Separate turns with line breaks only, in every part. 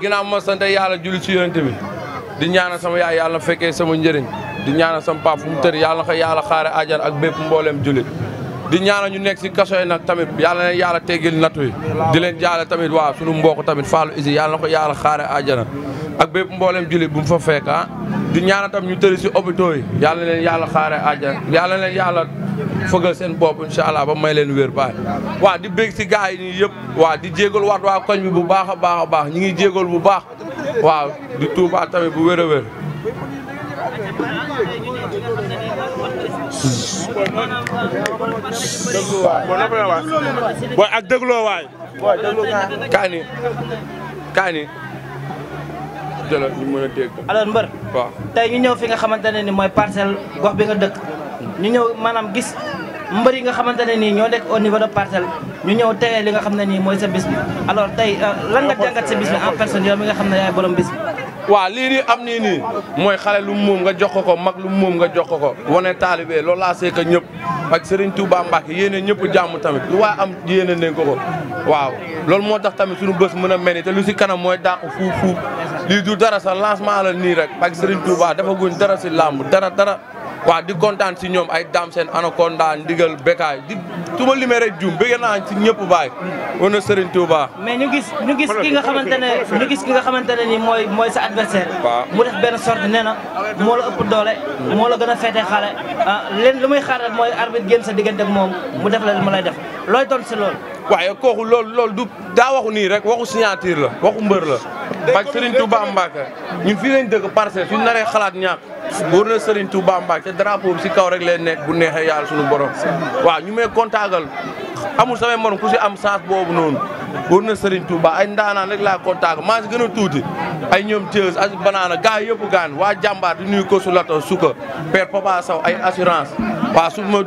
ginnaaw ma sant yàlla julli ci yonent bi di ñaanal sama yaay yàlla na fekkee sama njëriñ di ñaana sama pap mu tër yàlla na ko yàlla xaare ajjan ak bépp mbooleem jullit di ñaanal ñu nekk si kaso yi nag tamit yàlla leen yàlla teggil nattu di leen jaale tamit waa sunu mbokk tamit Fallou Isi yàlla na ko yàlla xaare ajjana ak bépp mbooleem jullit bu mu fa fekk ah. di ñaana tam ñu tëri si hôpitaux yi yàlla leen yàlla xaare ajjana yàlla leen yàlla fëgal seen bopp incha allah ba may leen wér baay waa di bég si gars yi yëpp waa di jégal waat waa koñ bu baax a baax a baax ñu ngi jégal bu baax waaw di tuubaat tamit bu wér a wér booy ak dégloo waay kaani kaani jëla ñu mën a dégg alors mbër waaw
ñëw fi nga xamante ne ni mooy parcelle gox bi nga dëkk ñu ñëw maanaam gis mbër yi nga xamante ne nii ñoo def au niveau de parcelle ñu ñëw tey li nga xam ne nii mooy sa bis bi alors tey euh, lan nga jàngat sa bis bi en personne yow mi nga xam ne yaay borom bis bi
waaw lii am nii nii mooy xale lu moom nga jox ko ko mag lu moom nga jox ko ko wane taalibe loolu laa seeka ñëpp ak sëriñ Touba Mbacke yéeneen ñëpp jàmm tamit lu waaye am yéene nañ ko ko waaw loolu moo tax tamit suñu bés mën a mel ni te lu si kanam mooy dàqu fuuf fuuf lii dara sa lancement la nii rek ak Serigne Touba dafa dara si làmb dara dara waaw di kontaan si ñoom ay daam seen anaconda ndigal bekaay di su ma limee rek juum bëgg naa si ñëpp baay. wane Serigne Touba.
mais ñu gis ñu gis ki nga xamante ne ñu gis ki nga xamante ne ni mooy mooy sa adversaire. waaw mu def benn sorte nee na moo la ëpp doole. moo la gën a féete xale. ah leen lu muy xaaral mooy arbitre génn sa diggante ak moom mu def la li mu lay def looy doon si loolu. waaye
kooku loolu loolu du daa waxu nii rek waxu signature la waxu mbër la. parce que Serigne Touba Mbacke ñun fii lañ dëkk parcelle suñu naree xalaat ñàkk. wóor na Serigne Touba Mbacke drapeau bi si kaw rek lay nekk bu neexee yàlla suñu borom waaw ñu may kontaagal amul samay morom ku si am chance boobu noonu wóor na Serigne Touba ay ndaanaan rek laa kontaagal maa si gën a tuuti ay ñoom Thiès as banaana gaa yëpp gaan waa jàmbaar di nuyu ko su lato suka père Papa ay assurance waaw su ma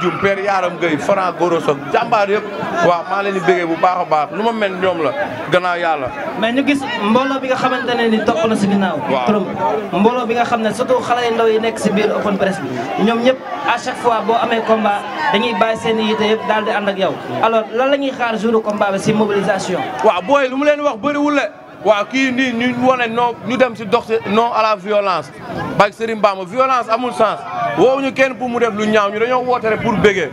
jum père Yaram Gueye Franc Goro jàmbaar yëpp waaw maa leen
di bu baax a baax lu ma mel ñoom la gannaaw yàlla. mais ñu gis mbooloo bi nga xamante ne ni topp na si ginnaaw. mbooloo bi nga xam ne surtout xale ndaw yi nekk si biir open press bi ñoom ñëpp à chaque fois boo amee combat dañuy bàyyi seen i yite yëpp daal di ànd ak yow hmm. alors lan la ñuy xaar jour combat bi si mobilisation. waaw booy lu leen wax bëriwul la waaw kii nii ñu wane noo
ñu dem si dox non à la violence bak Serigne Bamba violence amul sens woowu ñu kenn pour mu def lu ñaaw ñu dañoo woote rek pour bëggee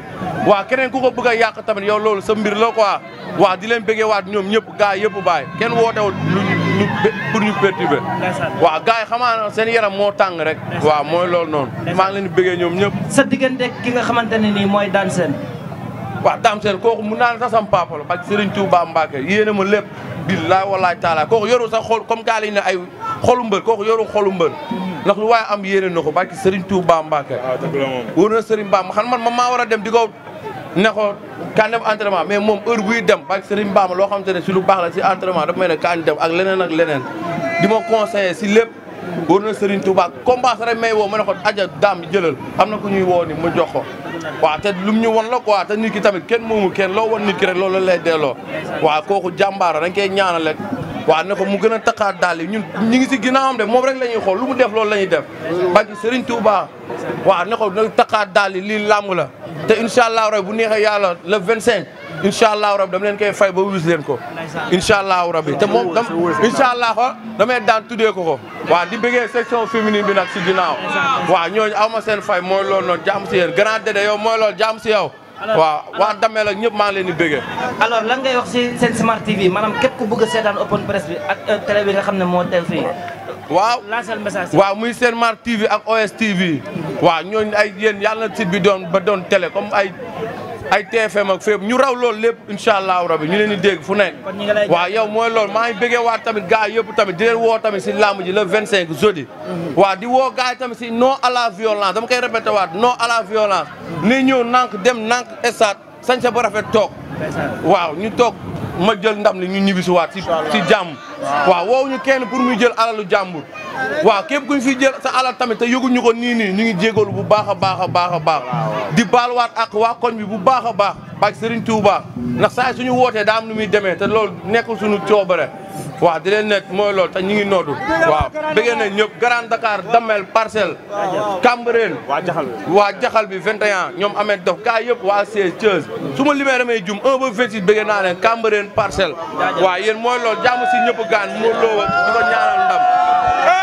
waaw keneen ku ko bëgg a yàq tamit yow loolu sa mbir la quoi waaw di leen bëggee waat ñoom ñëpp gars yëpp bàyyi kenn wootewul ñu pour ñu perturber waaw gars yi xamaa seen yaram moo tàng rek waaw mooy lool noonu maa ngi leen di bëggee ñoom ñëpp sa diggante ki nga xamante ne nii mooy daan seen waaw daam seen kooku mun naa ne sax sama papa la ak Serigne Touba Mbacke yéene ma lépp billaay wallaay taala kooku yoru sa xool comme gaa lañ ne ay xolu mbër kooku yoru xolu mbër ndax lu waaye am yéene na ko barki Serigne baa Mbacke ah, wóor na Serigne Ba xam man ma maa war a dem di ko ne ko kan dem entraînement mais moom heure buy dem barki Serigne Ba loo xamante ne si lu baax la si entraînement dafa mel ne kan dem ak leneen ak leneen di ma conseillé si lépp wóor na Serigne Touba combat ma ne ko aja daam jëlal am na ku ñuy woo ni ma jox ko waaw te lum ñu won la quoi te nit ki tamit kenn moomu kenn loo won nit ki rek loolu lay delloo kooku jàmbaar dañ koy ñaanal rek waaw ne ko mu gën a taqaat daal yi ñun ñu ngi si ginnaawam de moom rek la ñuy xool lu mu def loo lañuy dem def bàyyi Serigne Touba waa ne ko na taqaat daal yi lii làmb la te incha allah rabi bu neexee yàlla le 25 incha allah rabi dam leen koy fay ba wis leen ko incha allah rabi te moom dam incha allah damay daan tuddee ko ko waa di bëggee section féminine bi nag si ginnaaw waa ñooñu aw ma seen fay mooy loolu noonu jaam
si yéen grand dédé yow mooy loolu jaam si yow waaw waa Damel ak ñëpp maa ngi leen di bëggee. alors lan ngay wax si seen Smart TV maanaam képp ku bëgg a seetaan open press bi ak euh, télé bi nga xam ne moo teew fii.
waaw lancer message. waa muy Smart TV ak OS TV.
waaw ñooñu ay yéen
yàlla na site bi doon ba doon télé comme ay. ay TFM ak fépp ñu raw loolu lépp incha allahu rabi ñu leen di dégg fu nekk waaw yow mooy lool maa ngi bëggee waat tamit gars yëpp tamit di woo tamit si làmb ji la le 25 jeudi mhm. waa di woo gars yi tamit si no à la violence dama koy répété waat non à la violence mhm. ni ñëw nank dem nank estat sañ sa ba rafet toog waaw ñu toog ma jël ndam ni ñu ñibbisiwaat si si jàmm waaw woowu ñu kenn pour muy jël alalu jàmbur waaw képp kuñ fi jël sa alal tamit te yëguñu ko nii nii ñu ngi jégalu bu baax a baax a baax a baax di baaluwaat ak waa koñ bi bu baax a baax ak Serigne Touba ndax saa suñu wootee daa am nu muy demee te loolu nekkul suñu coobare waaw di leen nekk mooy loolu te ñu ngi nootu waaw bëggee nañ ñëpp Grand Dakar Damel Parcelles Cambérène waa Jaxal bi 21 ñoom amee dof gaa yëpp waa Thiès Thiès su ma limee damay jum 1 ba 26 bëggee naa leen Cambérène Parcelles waaw yéen mooy loolu jaamu si ñëpp gaan moo loo di ko ñaanal ndam